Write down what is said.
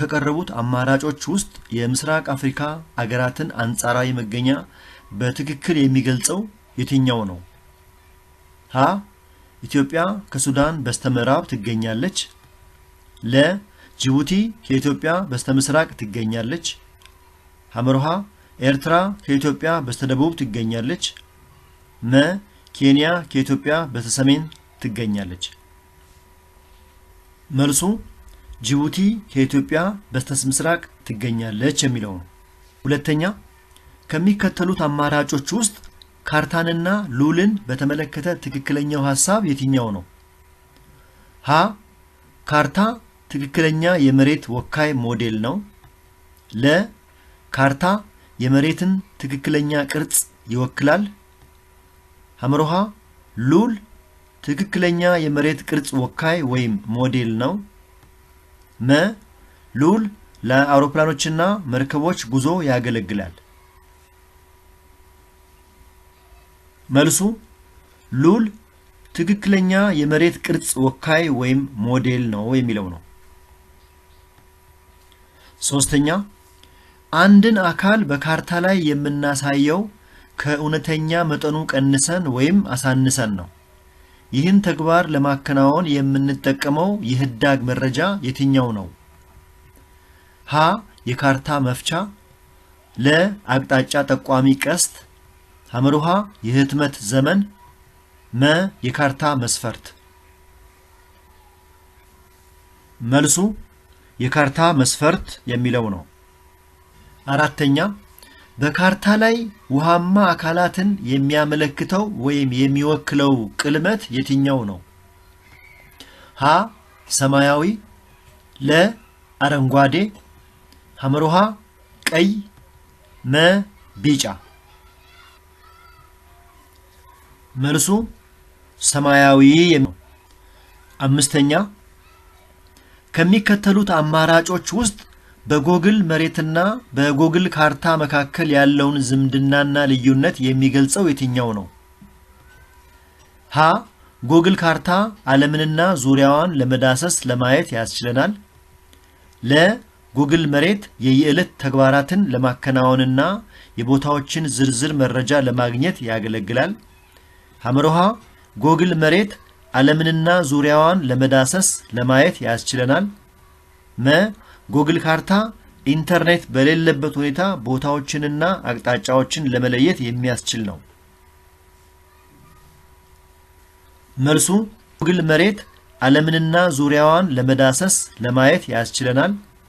ከቀረቡት አማራጮች ውስጥ የምስራቅ አፍሪካ አገራትን አንጻራዊ መገኛ በትክክል የሚገልጸው የትኛው ነው? ሀ ኢትዮጵያ ከሱዳን በስተምዕራብ ትገኛለች። ለ ጅቡቲ ከኢትዮጵያ በስተምስራቅ ትገኛለች። ሐመርሃ ኤርትራ ከኢትዮጵያ በስተደቡብ ትገኛለች። መ ኬንያ ከኢትዮጵያ በስተሰሜን ትገኛለች። መልሱ ጅቡቲ ከኢትዮጵያ ምስራቅ ትገኛለች የሚለው ነው። ሁለተኛ ከሚከተሉት አማራጮች ውስጥ ካርታንና ሉልን በተመለከተ ትክክለኛው ሐሳብ የትኛው ነው? ሀ ካርታ ትክክለኛ የመሬት ወካይ ሞዴል ነው። ለ ካርታ የመሬትን ትክክለኛ ቅርጽ ይወክላል። ሐምሮሃ ሉል ትክክለኛ የመሬት ቅርጽ ወካይ ወይም ሞዴል ነው። መ ሉል ለአውሮፕላኖችና መርከቦች ጉዞ ያገለግላል። መልሱ ሉል ትክክለኛ የመሬት ቅርጽ ወካይ ወይም ሞዴል ነው የሚለው ነው። ሶስተኛ አንድን አካል በካርታ ላይ የምናሳየው ከእውነተኛ መጠኑ ቀንሰን ወይም አሳንሰን ነው። ይህን ተግባር ለማከናወን የምንጠቀመው የህዳግ መረጃ የትኛው ነው? ሀ የካርታ መፍቻ፣ ለ አቅጣጫ ጠቋሚ ቀስት፣ ሐመሩሃ የህትመት ዘመን፣ መ የካርታ መስፈርት። መልሱ የካርታ መስፈርት የሚለው ነው። አራተኛ በካርታ ላይ ውሃማ አካላትን የሚያመለክተው ወይም የሚወክለው ቅልመት የትኛው ነው? ሀ ሰማያዊ፣ ለ አረንጓዴ፣ ሐመሮሃ ቀይ፣ መ ቢጫ። መልሱ ሰማያዊ ነው። አምስተኛ ከሚከተሉት አማራጮች ውስጥ በጎግል መሬትና በጎግል ካርታ መካከል ያለውን ዝምድናና ልዩነት የሚገልጸው የትኛው ነው? ሀ ጎግል ካርታ ዓለምንና ዙሪያዋን ለመዳሰስ ለማየት ያስችለናል። ለ ጎግል መሬት የየዕለት ተግባራትን ለማከናወንና የቦታዎችን ዝርዝር መረጃ ለማግኘት ያገለግላል። ሐመርሃ ጎግል መሬት ዓለምንና ዙሪያዋን ለመዳሰስ ለማየት ያስችለናል። መ ጉግል ካርታ ኢንተርኔት በሌለበት ሁኔታ ቦታዎችንና አቅጣጫዎችን ለመለየት የሚያስችል ነው። መልሱ ጉግል መሬት ዓለምንና ዙሪያዋን ለመዳሰስ ለማየት ያስችለናል።